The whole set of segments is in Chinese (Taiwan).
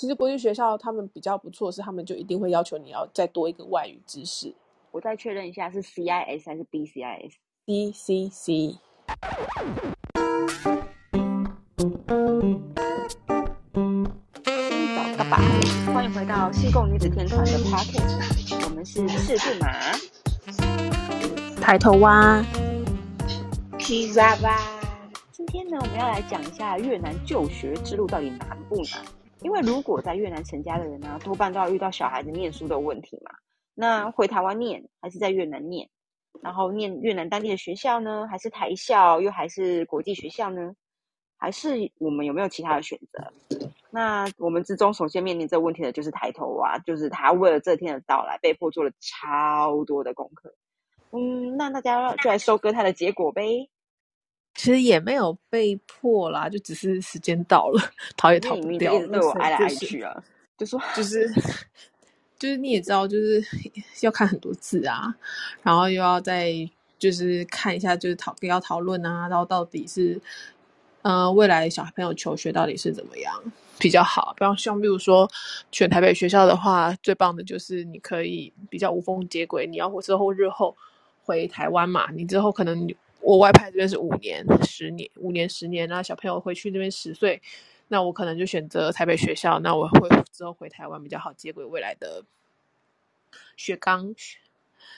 其實國際學校他們比較不錯，是他們就一定會要求你要再多一個外語知識。我再確認一下，是 CIS 還是 BCIS？DCC。大家好，歡迎回到新貢女子天團的 Party 我們是四度馬、抬頭蛙、皮拉巴。今天呢，我們要來講一下越南就學之路到底難不難？因為如果在越南成家的人呢、啊，多半都要遇到小孩子念書的問題嘛。那回台灣念還是在越南念？然後念越南當地的學校呢，還是台校，又還是國際學校呢？還是我們有沒有其他的選擇？那我們之中首先面臨這問題的就是抬頭娃、啊，就是他為了這天的到來，被迫做了超多的功課。嗯，那大家就來收割他的結果唄。其實也沒有被迫啦，就只是時間到了，逃也逃不掉，我來、就是、去啊。就說、是、就是 就是你也知道，就是要看很多字啊，然後又要再就是看一下，就是討要討論啊，然後到底是，嗯、呃、未來小朋友求學到底是怎麼樣比較好？比方像比如說選台北學校的話，最棒的就是你可以比較無縫接軌。你要或之後日後回台灣嘛，你之後可能。我外派這邊是五年、十年，五年、十年啊！小朋友回去那邊十歲，那我可能就選擇台北學校。那我會之後回台灣比較好接軌未來的學綱。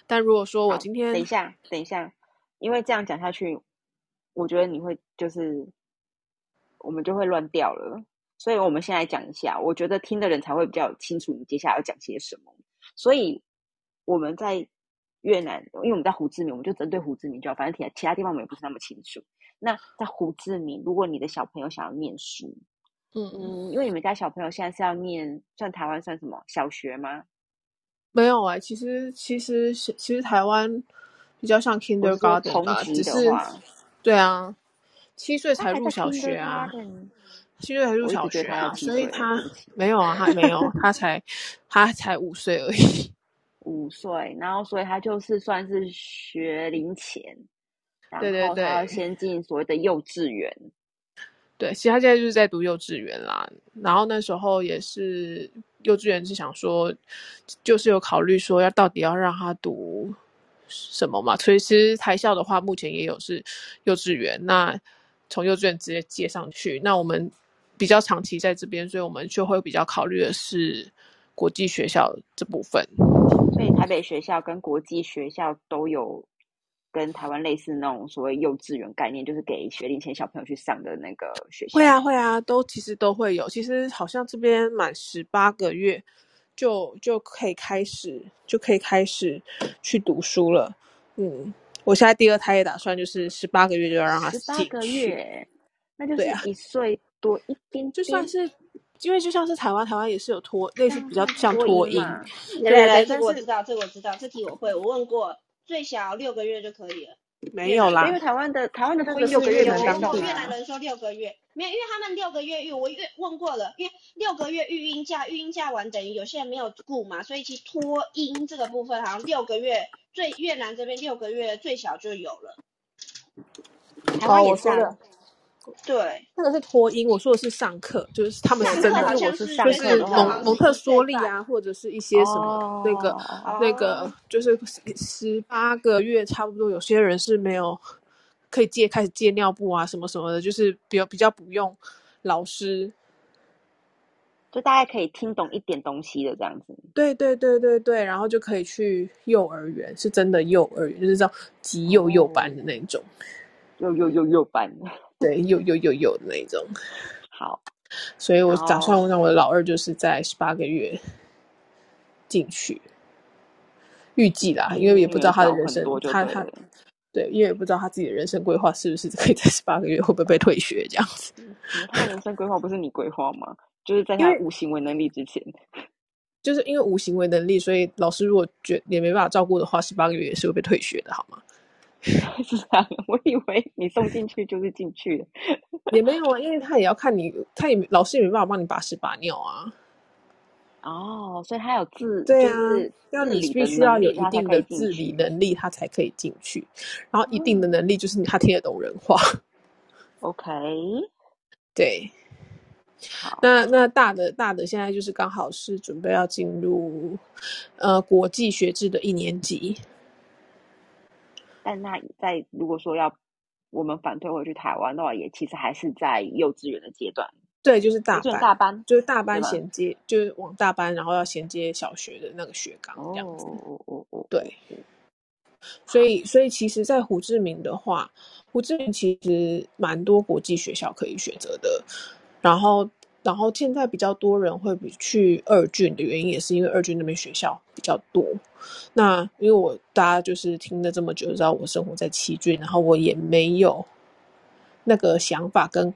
但如果說我今天等一下，等一下，因為這樣講下去，我覺得你會就是我們就會亂掉了。所以，我們先來講一下，我覺得聽的人才會比較清楚你接下來要講些什麼。所以，我們在。越南，因為我們在胡志明，我們就針對胡志明就好，反正其他其他地方我們也不是那麼清楚。那在胡志明，如果你的小朋友想要念書，嗯嗯，因為你們家小朋友現在是要念，算台灣算什麼小學嗎？沒有啊、欸，其實其實其實，其實台灣比較像 kindergarten 嘛、就是，的話對啊，七歲才入小學啊，七歲才入小學、啊，所以他沒有啊，他沒有，他才 他才五歲而已。五歲，然後所以他就是算是學齡前，對對對，他要先進所謂的幼稚園，對，其實他現在就是在讀幼稚園啦。然後那時候也是幼稚園是想說，就是有考慮說要到底要讓他讀什麼嘛。所以其實台校的話，目前也有是幼稚園，那從幼稚園直接接上去。那我們比較長期在這邊，所以我們就會比較考慮的是國際學校這部分。所以台北學校跟國際學校都有跟台灣類似那種所謂幼稚園概念，就是給學齡前小朋友去上的那個學校。會啊，會啊，都其實都會有。其實好像這邊滿十八個月就就可以開始，就可以開始去讀書了。嗯，我現在第二胎也打算，就是十八個月就要讓他十八個月，那就是一歲多一點、啊、就算是。因為就像是台灣，台灣也是有拖，類似比較像拖音。啊、對對、對，來，這我知道，這我知道，這題我會，我問過，最小六個月就可以了。沒有啦，因為台灣的台灣的這個六個月的長度。越南人說六個月，沒有，因為他們六個月育。我越問過了，因為六個月育嬰假，育嬰假完等於有些人沒有顧嘛，所以其實拖音這個部分好像六個月最越南這邊六個月最小就有了，台灣也是。我說了。對，那個是托嬰，我說的是上課，就是他們真的，是，上課的我是，就是蒙特梭利啊，或者是一些什麼、哦、那個、哦、那個，就是十八個月差不多，有些人是沒有可以借開始借尿布啊什麼什麼的，就是比較比較不用老師，就大概可以聽懂一點東西的，這樣，東西的這樣子。對對對對對，然後就可以去幼兒園，是真的幼兒園，就是叫急幼幼班的那種，又、哦、幼，幼幼幼班。對，有有有有的那一種，好，所以我打算讓我的老二就是在十八個月進去，預計啦，因為也不知道他的人生，他他，對，因為也不知道他自己的人生規劃是不是可以在十八個月會不會被退學這樣子。嗯，他人生規劃不是你規劃嗎？就是在他無行為能力之前，就是因為無行為能力，所以老師如果覺得也沒辦法照顧的話，十八個月也是會被退學的，好嗎？ 是啊，我以為你送進去就是進去 也沒有啊，因為他也要看你，他也老師也沒辦法幫你把屎把尿啊。哦、oh，所以他有自對啊，要、就是、你必須要有一定的自理能力，他才可以進去，去。然後一定的能力就是他聽得懂人話。OK， 對。那那大的大的現在就是剛好是準備要進入呃國際學制的一年級。但那在如果說要我們反推回去台灣的話，也其實還是在幼稚園的階段。對，就是大班、就是、大班，就是大班是銜接，就是往大班，然後要銜接小學的那個學綱這樣子。Oh, oh, oh, oh, oh. 對，wow. 所以所以其實，在胡志明的話，胡志明其實蠻多國際學校可以選擇的，然後。然後現在比較多人會去二郡的原因，也是因為二郡那邊學校比較多。那因為我大家就是聽了這麼久，知道我生活在七郡，然後我也沒有那個想法跟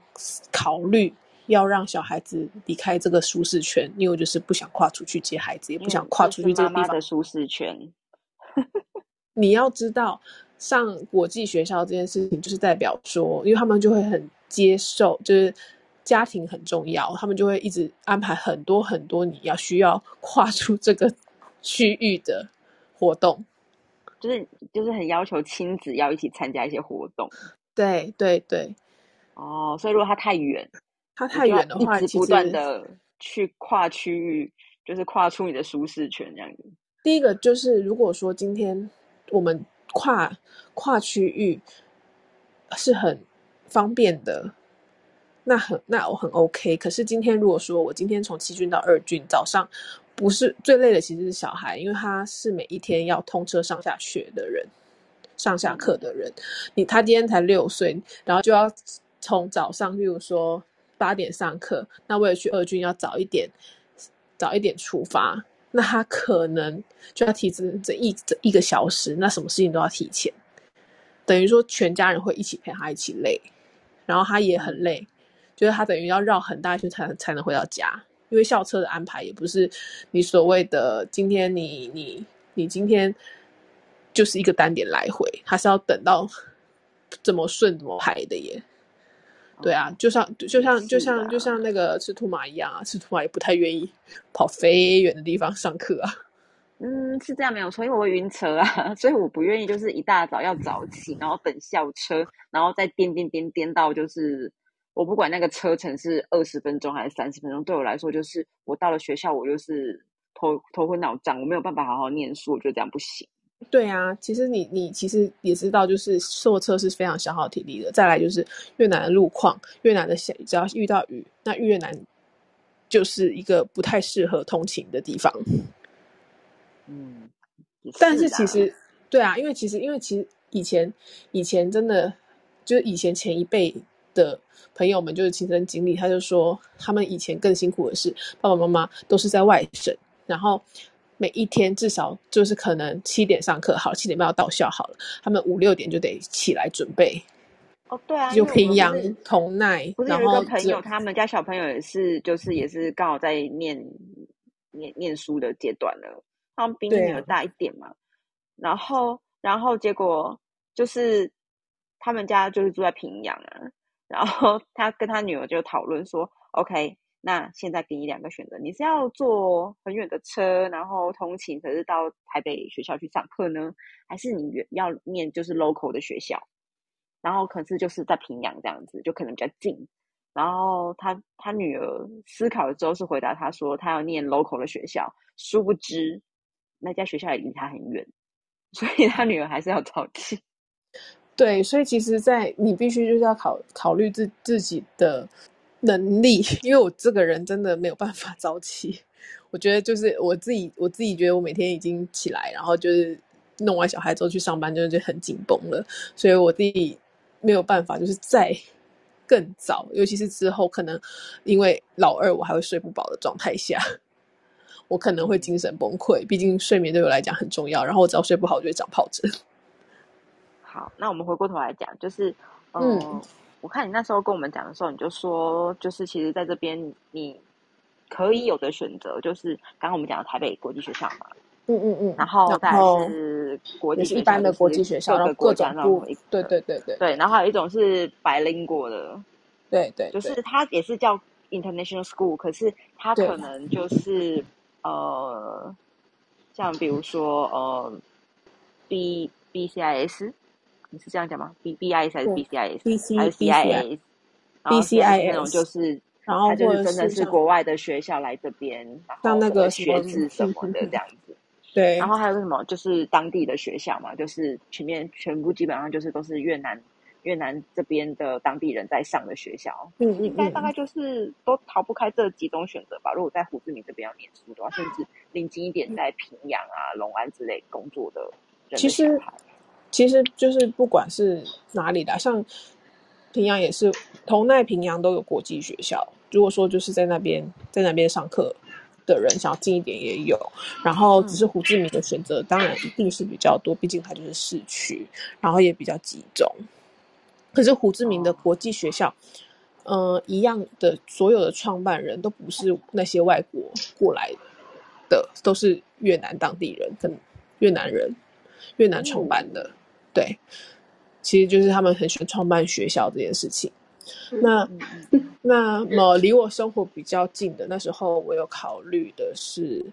考慮要讓小孩子離開這個舒適圈，因為我就是不想跨出去接孩子，也不想跨出去這個地方媽媽的舒適圈。 你要知道，上國際學校這件事情，就是代表說，因為他們就會很接受，就是。家庭很重要，他們就會一直安排很多很多你要需要跨出這個區域的活動，就是就是很要求親子要一起參加一些活動。對對對，哦，所以如果他太遠，他太遠的話，你一直不斷的去跨區域，就是跨出你的舒適圈這樣。第一個就是，如果說今天我們跨跨區域是很方便的。那很，那我很 OK。可是今天如果說我今天從七郡到二郡，早上不是最累的，其實是小孩，因為他是每一天要通車上下學的人，上下課的人。你他今天才六歲，然後就要從早上，例如說八點上課，那為了去二郡要早一點，早一點出發，那他可能就要提早整一整一個小時，那什麼事情都要提前，等於說全家人會一起陪他一起累，然後他也很累。就是他等於要繞很大圈才才能回到家，因為校車的安排也不是你所謂的今天你你你今天就是一個單點來回，還是要等到怎麼順怎麼排的耶。哦、對啊，就像就像、啊、就像就像那個赤兔馬一樣啊，赤兔馬也不太願意跑飛遠的地方上課啊。嗯，是這樣沒有錯，因為我會暈車啊，所以我不願意就是一大早要早起，然後等校車，然後再顛顛顛顛到就是。我不管那個車程是二十分鐘還是三十分鐘，對我來說就是我到了學校，我就是頭頭昏腦脹，我沒有辦法好好念書，我覺得這樣不行。對啊，其實你你其實也知道，就是坐車是非常消耗體力的。再來就是越南的路況，越南的小，只要遇到雨，那越南就是一個不太適合通勤的地方。嗯，是啊。但是其實對啊，因為其實因為其實以前以前真的就是以前前一輩。的朋友們就是親身經歷，他就說他們以前更辛苦的是爸爸媽媽都是在外省，然後每一天至少就是可能七點上課好，好七點半要到校好了，他們五六點就得起來準備。哦，對啊，有平陽同奈，然後朋友他們家小朋友也是，就是也是剛好在念念念書的階段了，他們比你們要大一點嘛、啊。然後，然後結果就是他們家就是住在平陽啊。然後他跟他女兒就討論說：“OK，那現在給你兩個選擇，你是要坐很遠的車，然後通勤，可是到台北學校去上課呢，還是你要念就是 local 的學校？然後可是就是在平陽這樣子，就可能比較近。然後他他女兒思考了之後是回答他說他要念 local 的學校，殊不知那家學校也離他很遠，所以他女兒還是要早起。”對，所以其實在，在你必須就是要考考慮自自己的能力，因為我這個人真的沒有辦法早起。我覺得就是我自己，我自己覺得我每天已經起來，然後就是弄完小孩之後去上班，真的就很緊繃了。所以我自己沒有辦法，就是再更早，尤其是之後，可能因為老二我還會睡不飽的狀態下，我可能會精神崩潰。畢竟睡眠對我來講很重要，然後我只要睡不好，就會長皰疹。好，那我們回過頭來講，就是、呃、嗯，我看你那時候跟我們講的時候，你就說，就是其實在這邊你可以有的選擇，就是剛剛我們講的台北國際學校嘛，嗯嗯嗯，然後大概是國際一般的國際學校國際，然後各對對對對對，對，然後還有一種是 bilingual 的，對對，對對，就是它也是叫 international school，可是它可能就是呃，像比如說呃，BBCIS。是這樣講嗎？BBIS 還是 BCIS，、嗯、BC, BC, 還是 BIS，BCIS 就是，然後就它就是真的是國外的學校來這邊，然後那個學制什麼的這樣，這樣子。對，然後還有什麼就是當地的學校嘛，就是前面全部基本上就是都是越南越南這邊的當地人在上的學校。嗯，你、嗯、在大概就是都逃不開這幾種選擇吧、嗯？如果在胡志明這邊要念書的話，甚至臨近一點在平陽啊、隆、嗯、安之類工作的，人的。其實。其實就是不管是哪裡的，像平陽也是同奈，平陽都有國際學校。如果說就是在那邊，在那邊上課的人，想要近一點也有。然後只是胡志明的選擇，當然一定是比較多，畢竟它就是市區，然後也比較集中。可是胡志明的國際學校，嗯、呃，一樣的，所有的創辦人都不是那些外國過來的，都是越南當地人跟越南人越南創辦的。嗯對，其實就是他們很喜歡創辦學校這件事情。 那那麼 離我生活比較近的，那時候我有考慮的是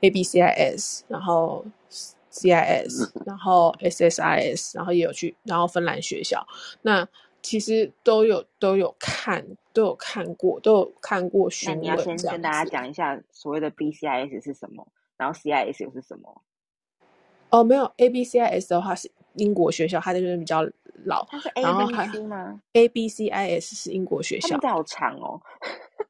A B C I S、然後 C I S、然後 S S I S，然後也有去然後芬蘭學校。那其實都有都有看都有看過都有看過詢問這樣。你要先跟大家講一下所謂的 B C I S 是什麼，然後 C I S 又是什麼？哦，沒有 A B C I S 的話是。英國學校，他的就是比較老。它是 A B 嗎？A B C I S 是英國學校。名字好長哦。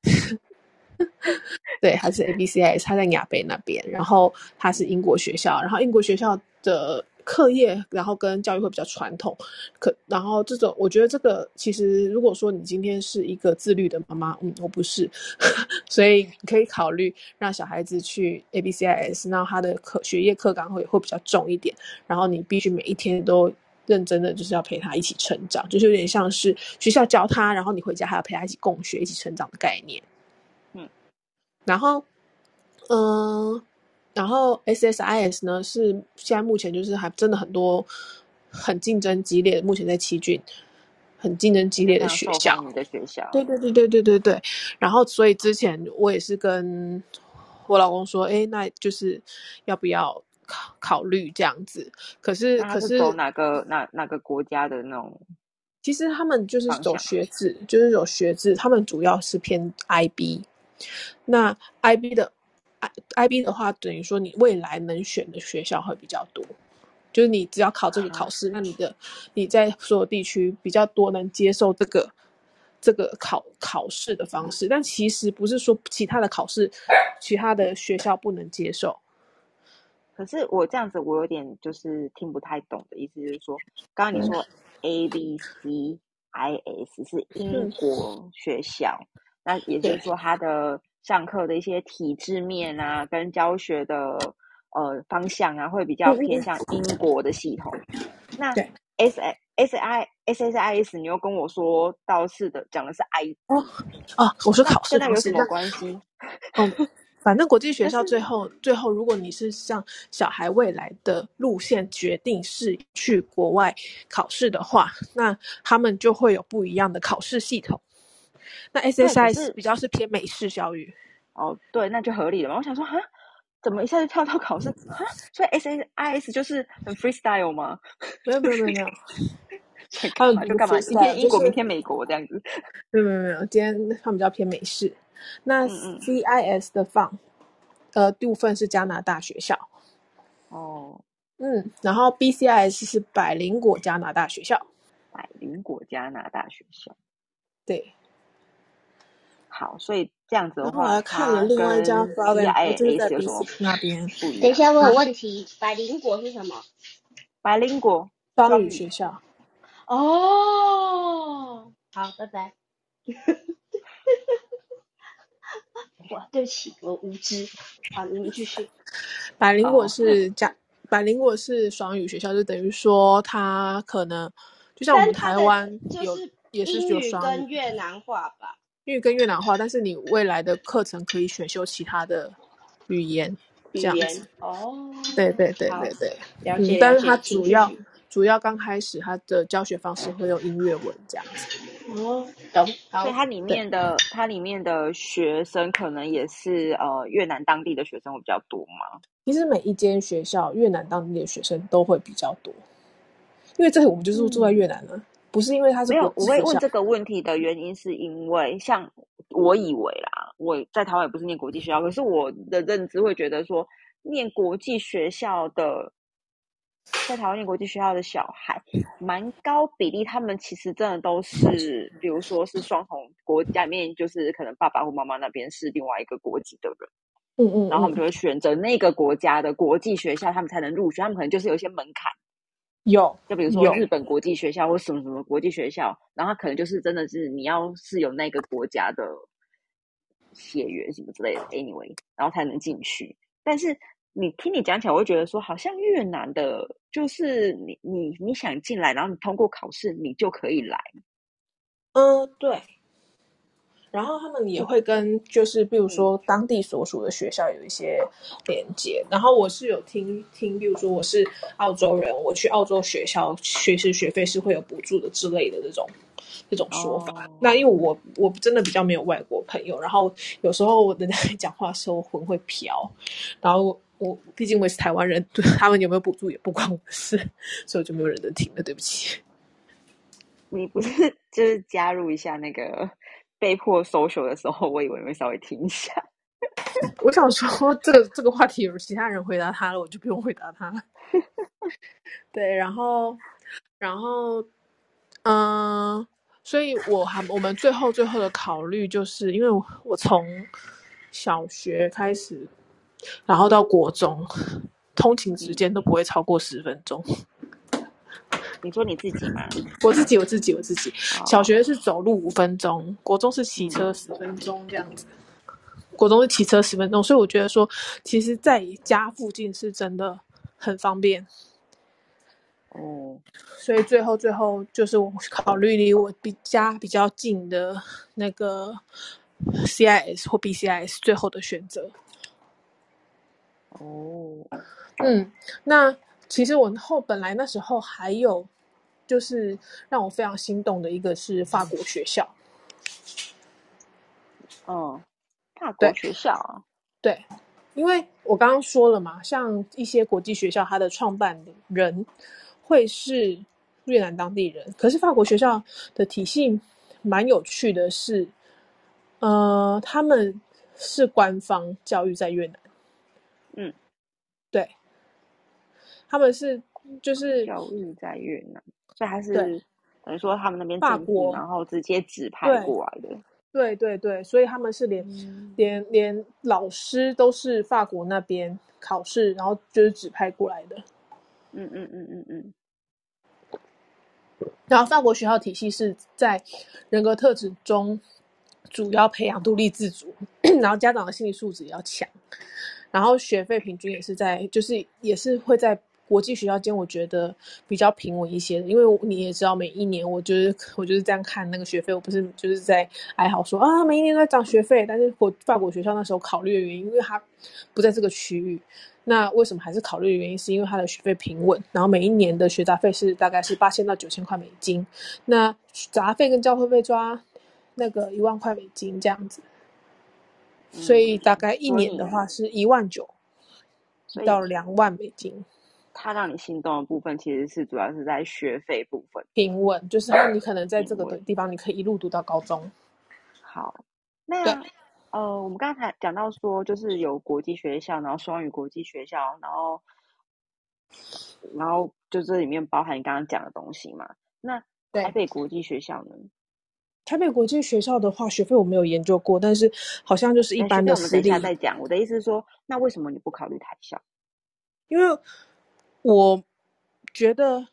對，它是 A B C I S，他在亞非那邊， 然後他是英國學校，然後英國學校的。課業，然後跟教育會比較傳統，可然後這種，我覺得這個其實，如果說你今天是一個自律的媽媽，嗯，我不是，呵呵，所以你可以考慮讓小孩子去 A B C I S，那他的課學業課綱會會比較重一點，然後你必須每一天都認真的，就是要陪他一起成長，就是有點像是學校教他，然後你回家還要陪他一起共學、一起成長的概念，嗯，然後，嗯、呃。然後 SSIS 呢，是現在目前就是還真的很多，很競爭激烈的，目前在七郡，很競爭激烈的學校。你的學校。對對對對對對對，對，對。然後，所以之前我也是跟我老公說，哎，那就是要不要考考慮這樣子？可是，是走可是。哪個哪哪個國家的那種？其實他們就是走學制，就是走學制，他們主要是偏 IB，那 IB 的。IB 的話，等於說你未來能選的學校會比較多，就是你只要考這個考試，啊、那你的你在所有地區比較多能接受這個這個考考試的方式。但其實不是說其他的考試，其他的學校不能接受。可是我這樣子，我有點就是聽不太懂的意思，就是說，剛剛你說 ABCIS 是英國學校，嗯，那也就是說它的。上課的一些體制面啊，跟教學的呃方向啊，會比較偏向英國的系統。那 S S I S S I S，你又跟我說到是的，講的是 I，哦哦，我說考試有什麼關係？反正國際學校最後最後，如果你是像小孩未來的路線決定是去國外考試的話，那他們就會有不一樣的考試系統。那 S S I S 是比較是偏美式教育哦，對，那就合理了嘛。我想說哈，怎麼一下就跳到考試哈、嗯？所以 S S I S 就是很 freestyle 嗎？沒有沒有沒有，他、嗯、們、嗯 啊、就幹嘛？今天英國、就是，明天美國這樣子？沒有沒有沒有，今天他們比較偏美式。那 C I S 的放、嗯嗯、呃第五份是加拿大學校哦，嗯，然後 B C I S 是百齡果加拿大學校，百齡果，果加拿大學校，對。好，所以這樣子的話，看了另外一家，有什麼那邊不一樣？等一下問我問題，百齡果是什麼？百齡果雙語學校。哦，好，拜拜。 哇，對不起，我無知。好，你們繼續。百齡果是加百齡果是雙語學校，就等於說它可能就像我們台灣有也是有雙語跟越南話吧。因為跟越南話，但是你未來的課程可以選修其他的語言，這樣子哦，對對對對對，對，對，對了。了解。但是它主要主要剛開始它的教學方式會用音樂文，這樣子哦，懂。所以它裡面的它裡面的學生可能也是呃越南當地的學生會比較多嘛。其實每一間學校越南當地的學生都會比較多，因為這裡我們就是住在越南了，啊。嗯不是因為他是沒有，我會問這個問題的原因是因為，像我以為啦，我在台灣也不是念國際學校，可是我的認知會覺得說，念國際學校的，在台灣念國際學校的小孩，蠻高比例，他們其實真的都是，比如說是雙重國家裡面，就是可能爸爸或媽媽那邊是另外一個國籍的人，嗯嗯，嗯，然後我們就會選擇那個國家的國際學校，他們才能入學，他們可能就是有一些門檻。有，就比如說日本國際學校或什麼什麼國際學校，然後可能就是真的是你要是有那個國家的血緣什麼之類的，anyway，然後才能進去。但是你聽你講起來，我會覺得說好像越南的，就是你你你想進來，然後你通過考試，你就可以來。呃，對。然後他們也會跟，就是比如說當地所屬的學校有一些連接。嗯、然後我是有聽聽，比如說我是澳洲人，我去澳洲學校學習，學費是會有補助的之類的這種這種說法、哦。那因為我我真的比較沒有外國朋友，然後有時候人家講話的時候，魂會飄。然後我,我畢竟我是台灣人，他們有沒有補助也不關我的事，所以就沒有人能聽了，對不起。你不是就是加入一下那個？被迫 social 的時候，我以為會稍微停一下。我想說，這個這個話題有其他人回答他了，我就不用回答他了。 對，然後，然後，嗯、呃，所以我還我們最後最後的考慮就是，因為我我從小學開始，然後到國中，通勤時間都不會超過十分鐘。你說你自己嗎？我自己，我自己，我自己。Oh. 小學是走路五分鐘，國中是騎車十分鐘這樣子。國中是騎車十分鐘，所以我覺得說，其實在家附近是真的很方便。哦、oh.。所以最後，最後就是我考慮離我比家比較近的那個 CIS 或 BCIS 最後的選擇。哦、oh.。嗯，那。其實我後本來那時候還有，就是讓我非常心動的一個是法國學校，哦，法國學校啊，對，對，因為我剛剛說了嘛，像一些國際學校，它的創辦人會是越南當地人，可是法國學校的體系蠻有趣的是，呃，他們是官方教育在越南，嗯，對。他們是就是教育在越南，所以還是等於說他們那邊法國，然後直接指派過來的。對對對，對，所以他們是連、嗯、連連老師都是法國那邊考試，然後就是指派過來的。嗯嗯嗯嗯嗯。然後法國學校體系是在人格特質中主要培養獨立自主，然後家長的心理素質也要強，然後學費平均也是在就是也是會在。國際學校間，我覺得比較平穩一些的，因為你也知道，每一年我就是我就是這樣看那個學費，我不是就是在哀嚎說啊，每一年都在漲學費。但是我，我法國學校那時候考慮的原因，因為他不在這個區域，那為什麼還是考慮的原因，是因為他的學費平穩，然後每一年的學雜費是大概是八千到九千塊美金，那雜費跟交通費抓，那個一萬塊美金這樣子，所以大概一年的話是一萬九到兩萬美金。他讓你心動的部分，其實是主要是在學費部分。平穩，就是你可能在這個地方，你可以一路讀到高中。好，那呃，我們剛才講到說，就是有國際學校，然後雙語國際學校，然後然後就這裡面包含你剛剛講的東西嘛？那台北國際學校呢？台北國際學校的話學費我沒有研究過，但是好像就是一般的學費。我們等下再講。我的意思是說，那為什麼你不考慮台校？因為。我覺得，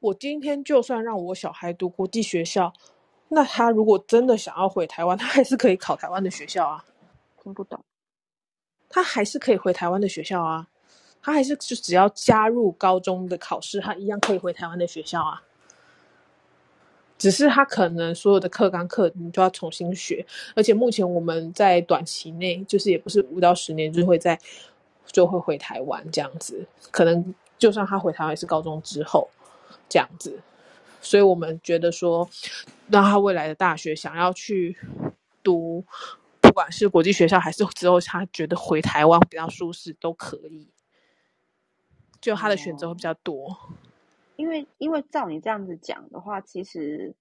我今天就算讓我小孩讀國際學校，那他如果真的想要回台灣，他還是可以考台灣的學校啊。聽不懂？他還是可以回台灣的學校啊，他還是就只要加入高中的考試，他一樣可以回台灣的學校啊。只是他可能所有的課綱課你就要重新學，而且目前我們在短期內就是也不是五到十年，就會在。就會回台灣這樣子，可能就算他回台灣也是高中之後。這樣子，所以我們覺得說，那他未來的大學想要去讀，不管是國際學校還是之後他覺得回台灣比較舒適，都可以，就他的選擇會比較多。哦、因為因為照你這樣子講的話，其實，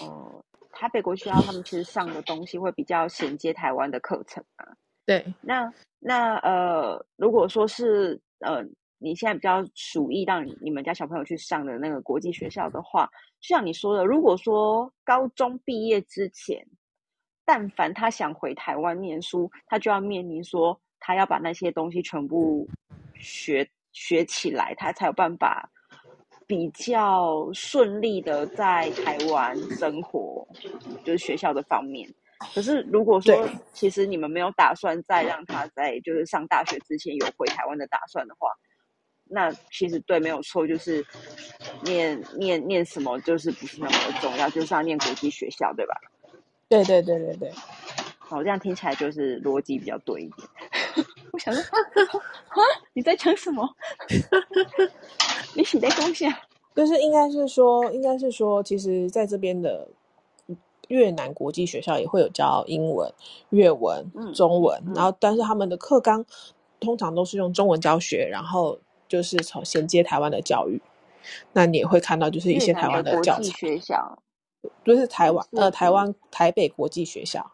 呃，台北國際學校他們其實上的東西會比較銜接台灣的課程啊。對，那那呃，如果說是呃，你現在比較屬意讓你你們家小朋友去上的那個國際學校的話，就像你說的，如果說高中畢業之前，但凡他想回台灣念書，他就要面臨說他要把那些東西全部學學起來，他才有辦法比較順利的在台灣生活，就是學校的方面。可是，如果說其實你們沒有打算再讓他在就是上大學之前有回台灣的打算的話，那其實對沒有錯，就是念念念什麼就是不是那麼重要，就是要念國際學校，對吧？對對對對對，好，這樣聽起來就是邏輯比較對一點。 我想說，啊， 你在講什麼？ 你寫的東西啊，就是應該是說，應該是說，其實在這邊的。越南國際學校也會有教英文、越文、中文，嗯嗯、然後但是他們的課綱通常都是用中文教學，然後就是從銜接台灣的教育。那你也會看到就是一些台灣的，教的國際學校，就是台灣呃台灣台北國際學校，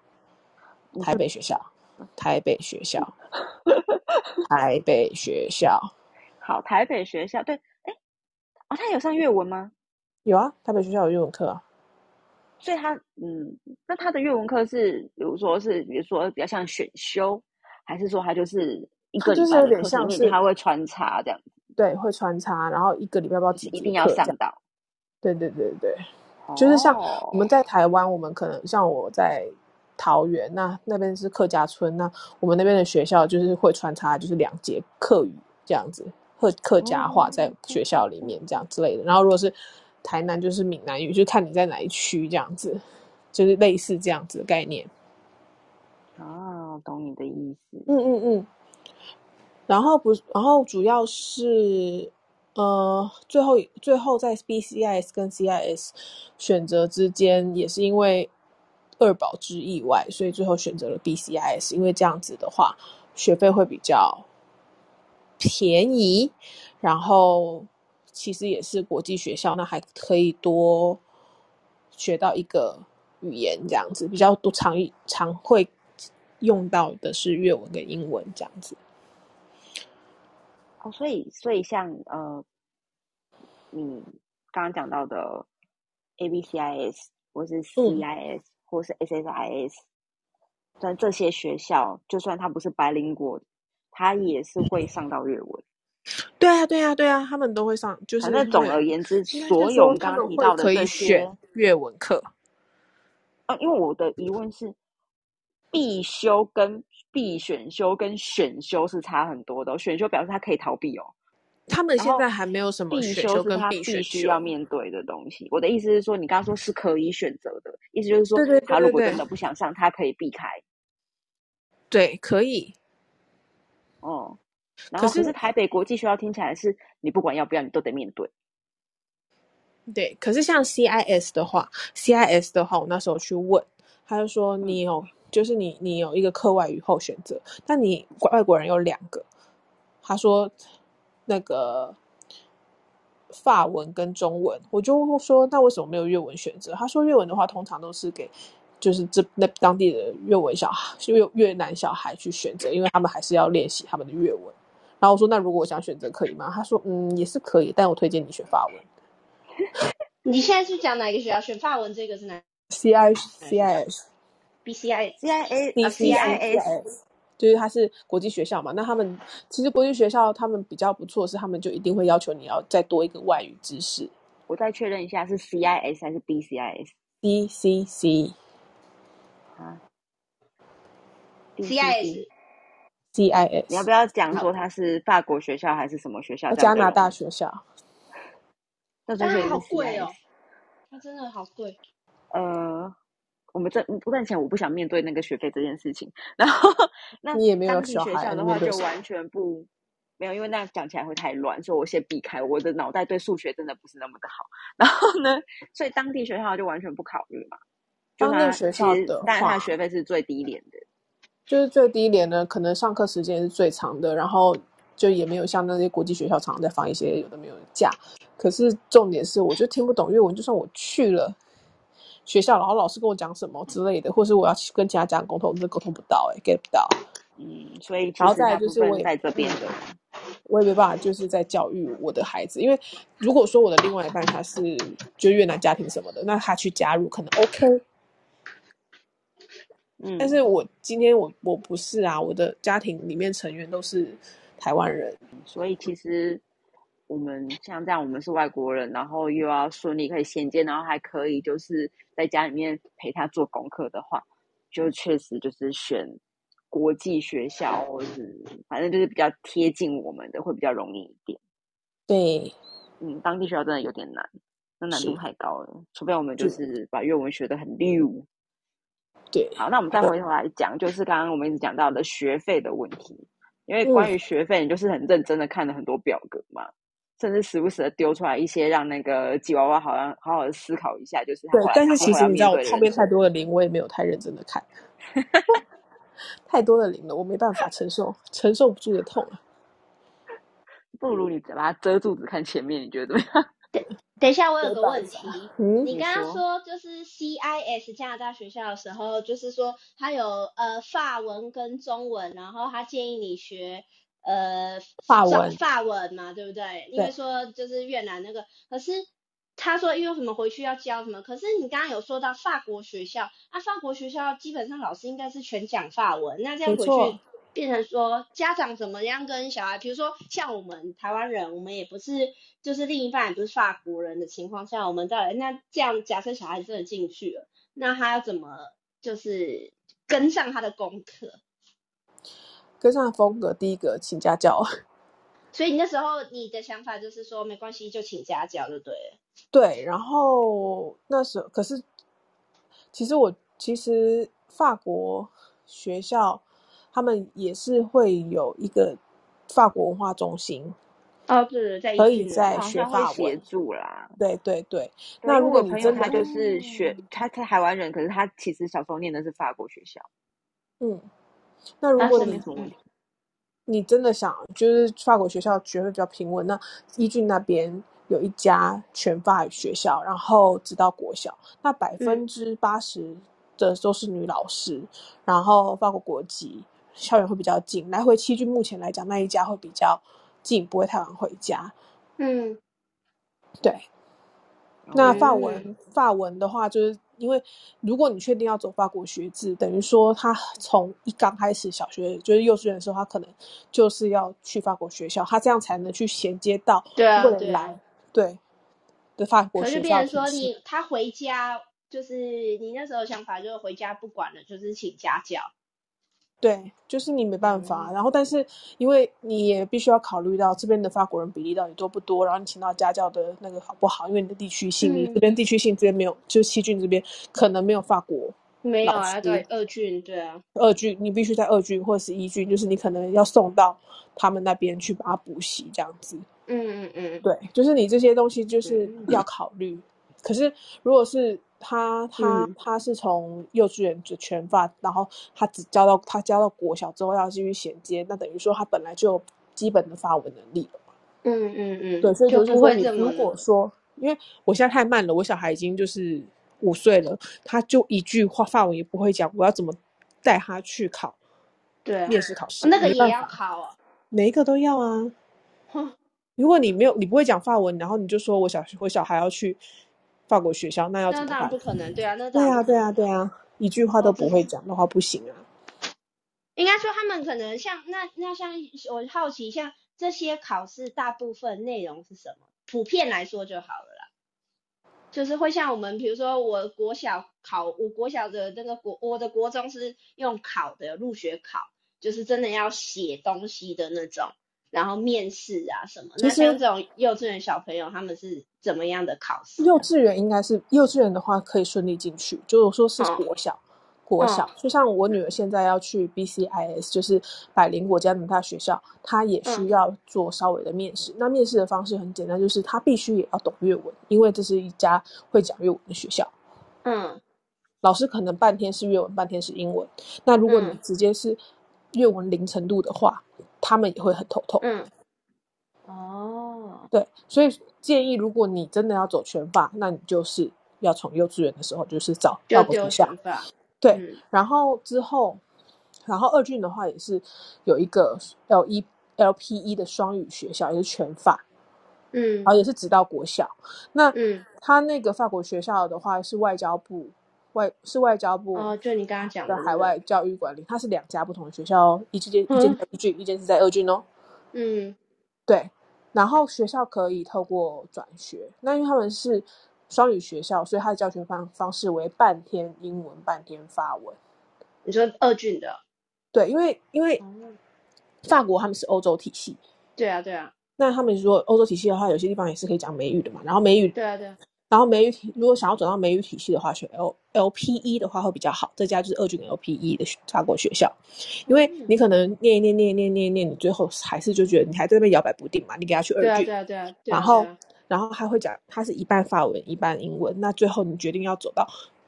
台北學校，嗯、台北學校，嗯、 台北學校 台北學校。好，台北學校對，哎，哦，他有上越文嗎？有啊，台北學校有越文課啊。所以他嗯，那他的越文課是，比如說是，比如說比較像選修，還是說他就是一個禮拜就是個像是他會穿插這樣子？對，會穿插，然後一個禮拜要，幾、就是、一定要上到。對對對對對、哦，就是像我們在台灣，我們可能像我在桃園、啊，那那邊是客家村、啊，那我們那邊的學校就是會穿插，就是兩節客語這樣子，客客家話在學校裡面這樣之類的。哦、然後如果是。台南就是閩南語，就看你在哪一區這樣子，就是類似這樣子的概念。啊，懂你的意思。嗯嗯嗯。然後不，然後主要是，呃，最後最後在 BCIS 跟 CIS 選擇之間，也是因為二寶之意外，所以最後選擇了 BCIS，因為這樣子的話學費會比較便宜，然後。其實也是國際學校，那還可以多學到一個語言，這樣子比較多常常會用到的是越文跟英文這樣子。哦，所以所以像呃，你剛剛講到的 A B C I S 或是 C I S、嗯、或是 S S I S，但這些學校，就算它不是百齡果，它也是會上到越文。對啊，對啊，對啊，他們都會上，就是那總而言之，所有剛剛提到的可以選越文課。啊，因為我的疑問是，必修跟必選修跟選修是差很多的。選修表示他可以逃避哦。他們現在還沒有什麼必修，跟必須要面對的東西。我的意思是說，你剛剛說是可以選擇的，意思就是說，他如果真的不想上對對對對，他可以避開。對，可以。哦。然後可是台北國際學校聽起來是你不管要不要，你都得面對。對，可是像 CIS 的話，CIS 的話，我那時候去問，他就說你有，就是你你有一個課外語後選擇，但你外國人有兩個。他說那個法文跟中文，我就說那為什麼沒有越文選擇？他說越文的話，通常都是給就是這那當地的越文小孩，越越南小孩去選擇，因為他們還是要練習他們的越文。然後我說，那如果我想選擇，可以嗎？他說，嗯，也是可以，但我推薦你學法文。 你現在是講哪個學校？選法文這個是哪個？C I C I S B C I C I C I S，C I S 就是它是國際學校嘛？那他們其實國際學校他們比較不錯，是他們就一定會要求你要再多一個外語知識。我再確認一下，是 C I S 還是 B C I S？B C C，啊、B C I S。CIS，你要不要講說他是法國學校還是什麼學校？加拿大學校，那真的好貴哦！他真的好貴。呃，我們賺不賺錢，我不想面對那個學費這件事情。然後，那當地學校的話就完全不沒有，因為那樣講起來會太亂，所以我先避開。我的腦袋對數學真的不是那麼的好。然後呢，所以當地學校就完全不考慮嘛。就那個學校，但是它學費是最低廉的。就是最低廉呢，可能上課時間是最長的，然後就也沒有像那些國際學校，常常在放一些有的沒有的假。可是重點是，我就聽不懂越文，就算我去了學校，然後老師跟我講什麼之類的，或是我要去跟其他家長溝通，我真的溝通不到、欸，誒 get 不到。嗯，所以他在，就是我在這邊的我，我也沒辦法，就是在教育我的孩子，因為如果說我的另外一半他是就越南家庭什麼的，那他去加入可能 OK。嗯，但是我今天我我不是啊，我的家庭裡面成員都是台灣人。嗯，所以其實我們像這樣，我們是外國人，然後又要順利可以銜接，然後還可以就是在家裡面陪他做功課的話，就確實就是選國際學校或，或者是反正就是比較貼近我們的，會比較容易一點。對，嗯，當地學校真的有點難，那難度太高了，除非我們就是把越文學的很溜。對，好，那我們再回頭來講，就是剛剛我們一直講到的學費的問題，因為關於學費、嗯，你就是很認真的看了很多表格嘛，甚至時不時的丟出來一些，讓那個吉娃娃好像好好的思考一下，就是對。但是其實你知道，我後面太多的零，我也沒有太認真的看， 太多的零了，我沒辦法承受， 承受不住的痛、啊。不如你把它遮住，只看前面，你覺得怎麼樣？ 對。等一下，我有個問題。嗯，你剛剛說，跟他說就是 C I S 加拿大學校的時候，就是說他有呃法文跟中文，然後他建議你學呃法文法文嘛，對不對？對。因為說就是越南那個，可是他說因為什麼回去要教什麼，可是你剛剛有說到法國學校啊，法國學校基本上老師應該是全講法文，那這樣回去。變成說家長怎麼樣跟小孩，比如說像我們台灣人，我們也不是就是另一半也不是法國人的情況下，我們來那這樣假設小孩真的進去了，那他要怎麼就是跟上他的功課？跟上風格，第一個請家教。所以你那時候你的想法就是說沒關係，就請家教，就對了。對，然後那時候可是其實我其實法國學校。他們也是會有一個法國文化中心，哦、是可以在學法文協助啦。對對對，那如果你真他就是學、嗯、他他台灣人，可是他其實小時候念的是法國學校。嗯，那如果你，你真的想就是法國學校學費比較平穩？那一郡那邊有一家全法語學校，嗯、然後直到國小，那百分之八十的都是女老師、嗯，然後法國國籍。校園會比較近，來回期距目前來講那一家會比較近，不會太晚回家。嗯，對。Okay. 那法文法文的話，就是因為如果你確定要走法國學制，等於說他從一剛開始小學就是幼稚園的時候，他可能就是要去法國學校，他這樣才能去銜接到未來。對、啊對，啊、對。對法國學校。是，說你他回家，就是你那時候想法就是回家不管了，就是請家教。對，就是你沒辦法。嗯、然後，但是因為你也必須要考慮到這邊的法國人比例到底多不多，然後你請到家教的那個好不好？因為你的地區性，嗯、這邊地區性這邊沒有，就是七郡這邊可能沒有法國。沒有啊，對，二郡，對啊，二郡你必須在二郡或者是一郡，嗯，就是你可能要送到他們那邊去把它補習這樣子。嗯嗯嗯，對，就是你這些東西就是要考慮。嗯、可是如果是。他他他是從幼稚園就全法，嗯、然後他只教到他教到國小之後要繼續銜接，那等於說他本來就基本的法文能力了嘛。嗯嗯嗯，對，所以就是說如果說,說，因為我現在太慢了，我小孩已經就是五歲了，他就一句話法文也不會講，我要怎麼帶他去考？對、啊，面試考試那個也要考啊、嗯，每一個都要啊。哼、嗯，如果你沒有你不會講法文，然後你就說我小我小孩要去。法國學校那要怎麼辦？那當然不可能，對啊，那當然對啊，對啊，對啊，對啊，一句話都不會講的話，哦，不行啊。應該說他們可能像那那像我好奇像這些考試大部分內容是什麼？普遍來說就好了啦。就是會像我們比如說我國小考，我國小的那個國，我的國中是用考的，入學考，就是真的要寫東西的那種。然後面試啊什麼？那像這種幼稚園小朋友，他們是怎麼樣的考試？幼稚園應該是幼稚園的話，可以順利進去。就是說是國小，哦、國小、嗯、就像我女兒現在要去 BCIS，、嗯、就是百齡果國際學校，她也需要做稍微的面試。嗯、那面試的方式很簡單，就是她必須也要懂越文，因為這是一家會講越文的學校。嗯，老師可能半天是越文，半天是英文、嗯。那如果你直接是。越文零程度的話，他們也會很頭痛。哦、嗯，對，所以建議，如果你真的要走全法，那你就是要從幼稚園的時候就是找法國學校。對、嗯，然後之後，然後二郡的話也是有一個 L 一 L P 一的雙語學校，也是全法。嗯，然後也是直到國小。那、嗯、他那個法國學校的話是外交部外是外交部外，哦，就你剛剛講的海外教育管理，它是兩家不同的學校哦，一間一間，一、嗯、一間是在二郡。哦，嗯，對，然後學校可以透過轉學，那因為他們是雙語學校，所以它的教學方方式為半天英文，半天法文。你說二郡的？對，因為因為法國他們是歐洲體系，對啊對啊，那他們說歐洲體系的話，有些地方也是可以講美語的嘛，然後美語對啊對啊。然後美語體，如果想要走到美語體系的話，選 L L P E 的話會比較好。這家就是二郡 L P E 的法國學校，因為你可能念念念念念念，你最後還是就覺得你還在那邊搖擺不定嘛，你給他去二郡。對啊、對啊、對啊、對啊。然後、啊啊，然後他會講，他是一半法文，一半英文。那最後你決定要走到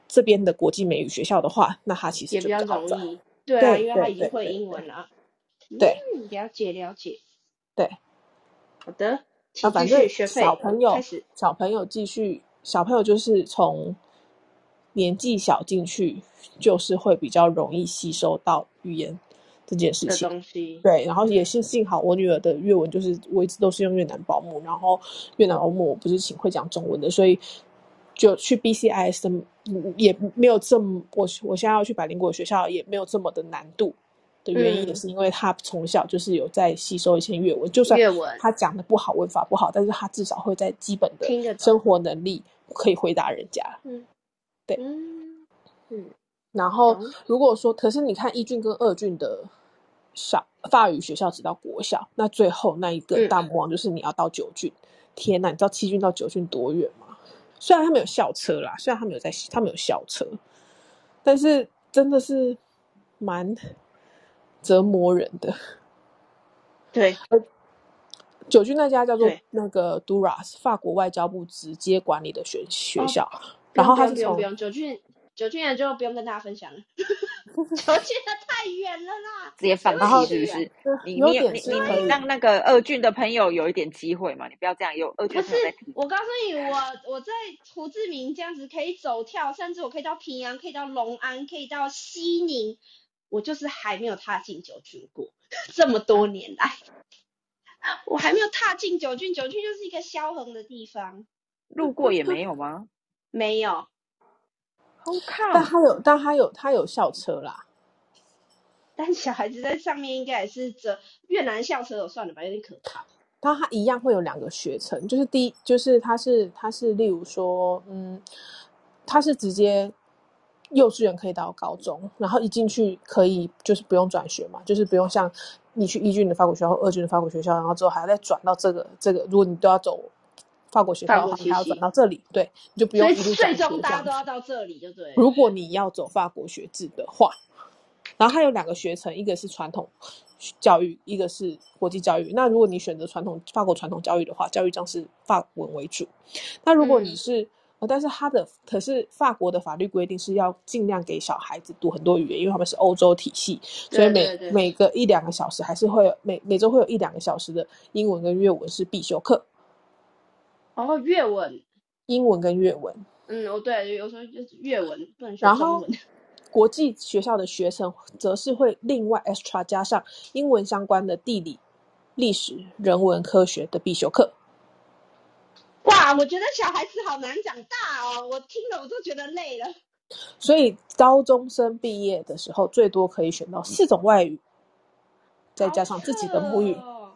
這邊的國際美語學校的話，那他其實也比較容易。對啊，因為他已經會英文了。對，對對對對。嗯，了解了解。對。好的，啊，反正小朋友小朋友繼續。小朋友就是從年紀小進去，就是會比較容易吸收到語言這件事情。對，然後也是幸好我女兒的越文，就是我一直都是用越南保姆，然後越南保姆我不是請會講中文的，所以就去 BCIS 的也沒有這麼，我我現在要去百齡果學校也沒有這麼的難度。的原因也是因為他從小就是有在吸收一些越文，嗯，就算他講的不好，文法不好，但是他至少會在基本的生活能力可以回答人家。嗯，對，嗯，嗯然後、嗯、如果說，可是你看一郡跟二郡的小法語學校只到國小，那最後那一個大魔王就是你要到九郡，嗯。天吶，你知道七郡到九郡多遠嗎？雖然他們有校車啦，雖然他們有在他們有校車，但是真的是蠻。折磨人的，對。九郡那家叫做那個 Duras，法國外交部直接管理的學、啊、學校。然後他就不用不用，九郡九郡也就不用跟大家分享了。九 郡太遠了啦， 直接放棄是不是？你你你你讓那個二郡的朋友有一點機會嘛，你不要這樣有二郡。不是，我告訴你，我我在胡志明，這樣子可以走跳，甚至我可以到平陽，可以到龍安，可以到西寧。我就是還沒有踏進九郡過，這麼多年來，我還沒有踏進九郡。九郡就是一個銷魂的地方，路過也沒有嗎？沒有，好看。但他有，但他有，他有校車啦。但小孩子在上面應該也是這越南校車，有算的吧，有點可怕。但他一樣會有兩個學程，就是第一，就是他是他是例如說，嗯，他是直接。幼稚園可以到高中，然後一進去可以就是不用轉學嘛，就是不用像你去一郡的法國學校、二郡的法國學校，然後之後還要再轉到這個這個。如果你都要走法國學校的話，你還要轉到這裡，對，你就不用一路轉學這樣子。所以最終大家都要到這裡，就對。如果你要走法國學制的話，然後它有兩個學程，一個是傳統教育，一個是國際教育。那如果你選擇傳統法國傳統教育的話，教育將是法文為主。那如果你是、嗯哦，但是他的可是法國的法律規定是要儘量給小孩子讀很多語言，因為他們是歐洲體系，對對對，所以每每隔一兩個小時還是會有每每週會有一兩個小時的英文跟越文是必修課。然、哦、後越文，英文跟越文，嗯，哦，對，有時候就是越文、文然後國際學校的學程則是會另外 extra 加上英文相關的地理、歷史、人文、科學的必修課。哇，我覺得小孩子好難長大哦！我聽了我都覺得累了。所以高中生畢業的時候，最多可以選到四種外語，嗯、再加上自己的母語、哦。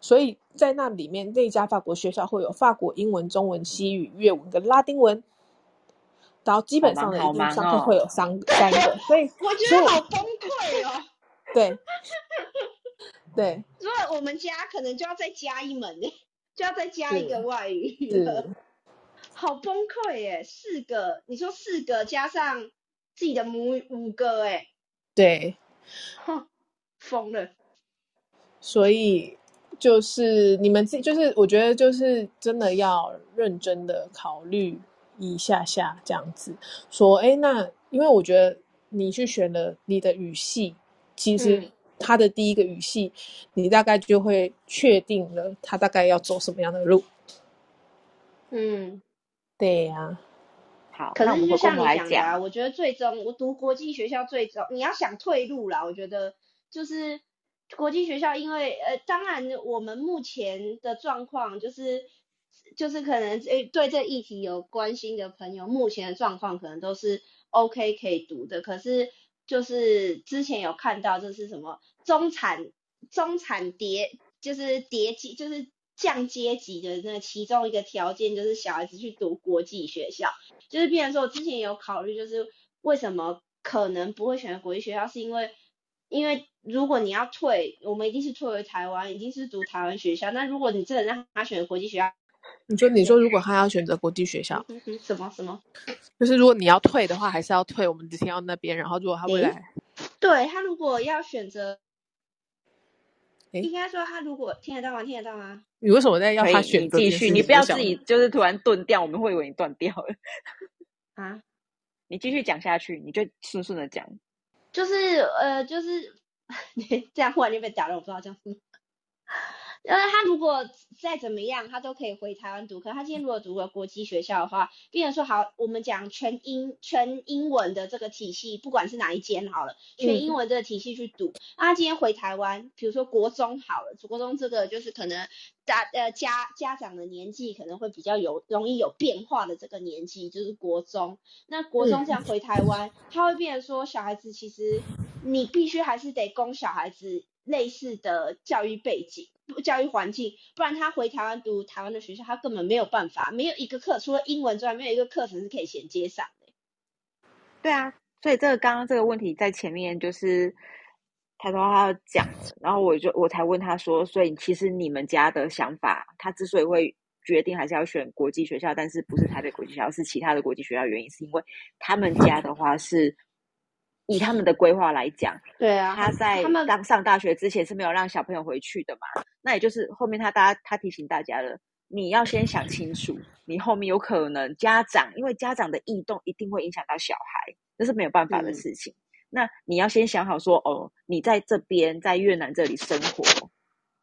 所以在那裡面，那家法國學校會有法國、英文、中文、西語、越文跟拉丁文，然後基本上的上課會有三、哦、三個。所以我覺得好崩潰哦。對 對。對 如果我們家可能就要再加一門就要再加一個外語了，好崩潰耶、欸！四個，你說四個加上自己的母語五個、欸，誒對，哼，瘋了。所以就是你們自己，就是，我覺得就是真的要認真的考慮一下下這樣子說，誒、欸、那因為我覺得你去選了你的語系其實、嗯。他的第一個語系，你大概就會確定了他大概要走什麼樣的路。嗯，對呀、啊，好。可能就像你的、啊、講的，我覺得最終我讀國際學校，最終你要想退路啦。我覺得就是國際學校，因為呃，當然我們目前的狀況就是就是可能誒對這個議題有關心的朋友，目前的狀況可能都是 OK 可以讀的。可是。就是之前有看到這，就是什麼中產中產疊，就是疊級，就是降階級的，那其中一個條件，就是小孩子去讀國際學校。就是，變成說我之前有考慮，就是為什麼可能不會選擇國際學校，是因為因為如果你要退，我們一定是退回台灣，一定是讀台灣學校。那如果你真的讓他選擇國際學校，你說，你說，如果他要選擇國際學校，嗯嗯、什麼什麼，就是如果你要退的話，還是要退。我們只聽到那邊，然後如果他不來，對，他如果要選擇，應該說他如果聽得到嗎？聽得到嗎？你為什麼在要他選擇你繼續？你不要自己就是突然斷掉，我們會以為你斷掉了。啊？ 你繼續講下去，你就順順的講，就是呃，就是你 忽然你被打了，我不知道這樣是。呃，他如果再怎麼樣，他都可以回台灣讀。可他今天如果讀個國際學校的話，變成說好，我們講全英全英文的這個體系，不管是哪一間好了，全英文的這個體系去讀。嗯，那他今天回台灣，比如說國中好了，讀國中這個就是可能大呃家家長的年紀可能會比較有容易有變化的這個年紀，就是國中。那國中這樣回台灣，嗯，他會變成說小孩子其實你必須還是得供小孩子。類似的教育背景、教育環境，不然他回台灣讀台灣的學校，他根本沒有辦法，沒有一個課，除了英文之外，沒有一個課程是可以銜接上的。對啊，所以這個剛剛這個問題在前面就是台他說他要講，然後我就我才問他說，所以其實你們家的想法，他之所以會決定還是要選國際學校，但是不是台北國際學校，是其他的國際學校，原因是因為他們家的話是。以他們的規劃來講，對啊，他在剛上大學之前是沒有讓小朋友回去的嘛？那也就是後面他大家他提醒大家了，你要先想清楚，你後面有可能家長，因為家長的異動一定會影響到小孩，這是沒有辦法的事情。嗯、那你要先想好說，哦，你在這邊在越南這裡生活，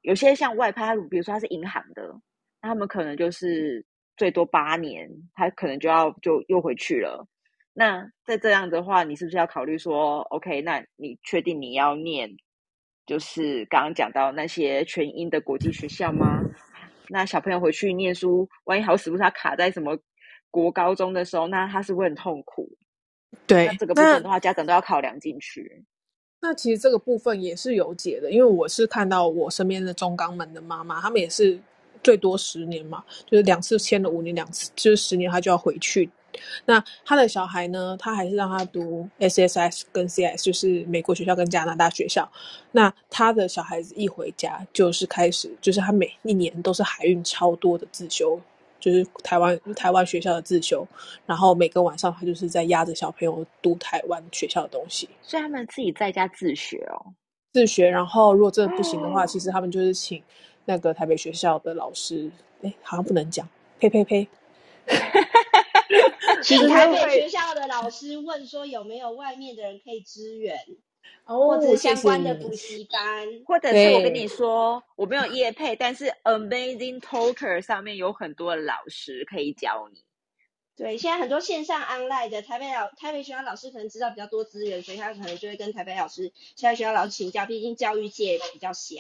有些像外派，比如說他是銀行的，那他們可能就是最多八年，他可能就要就又回去了。那在這樣的話，你是不是要考慮說，OK？那你確定你要念，就是剛剛講到那些全英的國際學校嗎？那小朋友回去念書，萬一好死不死他卡在什麼國高中的時候，那他是不是很痛苦？對。那這個部分的話，家長都要考量進去。那其實這個部分也是有解的，因為我是看到我身邊的中鋼門的媽媽，他們也是最多十年嘛，就是兩次簽了五年，兩次就是十年，他就要回去。那他的小孩呢？他還是讓他讀 S S S 跟 C S，就是美國學校跟加拿大學校。那他的小孩子一回家就是開始，就是他每一年都是海運超多的自修，就是台灣台灣學校的自修。然後每個晚上他就是在壓着小朋友讀台灣學校的東西，所以他們自己在家自學哦，自學。然後如果真的不行的話，嗯、其實他們就是請那個台北學校的老師，哎、欸，好像不能講，呸呸呸。呸請台北學校的老師問說有沒有外面的人可以支援，哦、或者相關的補習班，或者是我跟你說，我沒有業配，但是 Amazing Talker 上面有很多老師可以教你。對，現在很多線上 online 的台北老台北學校老師可能知道比較多資源，所以他可能就會跟台北老師、現在學校老師請教。畢竟教育界比較小。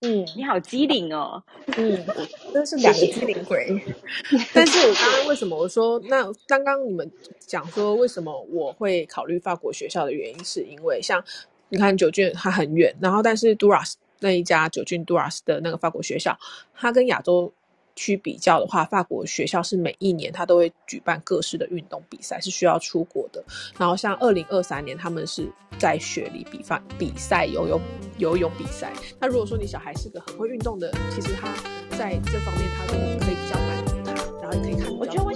嗯，你好機靈哦。嗯， 真是兩個機靈鬼。 但是我剛剛為什麼我說，那剛剛你們講說為什麼我會考慮法國學校的原因，是因為像你看九郡它很遠，然後但是 Duras 那一家九郡 Duras 的那個法國學校，它跟亞洲。去比較的話，法國學校是每一年他都會舉辦各式的運動比賽，是需要出國的。然後像二零二三年，他們是在雪里比賽，比賽游泳，游泳比賽。那如果說你小孩是個很會運動的，其實他在這方面他都可以比較滿足他，然後也可以看到。我覺得我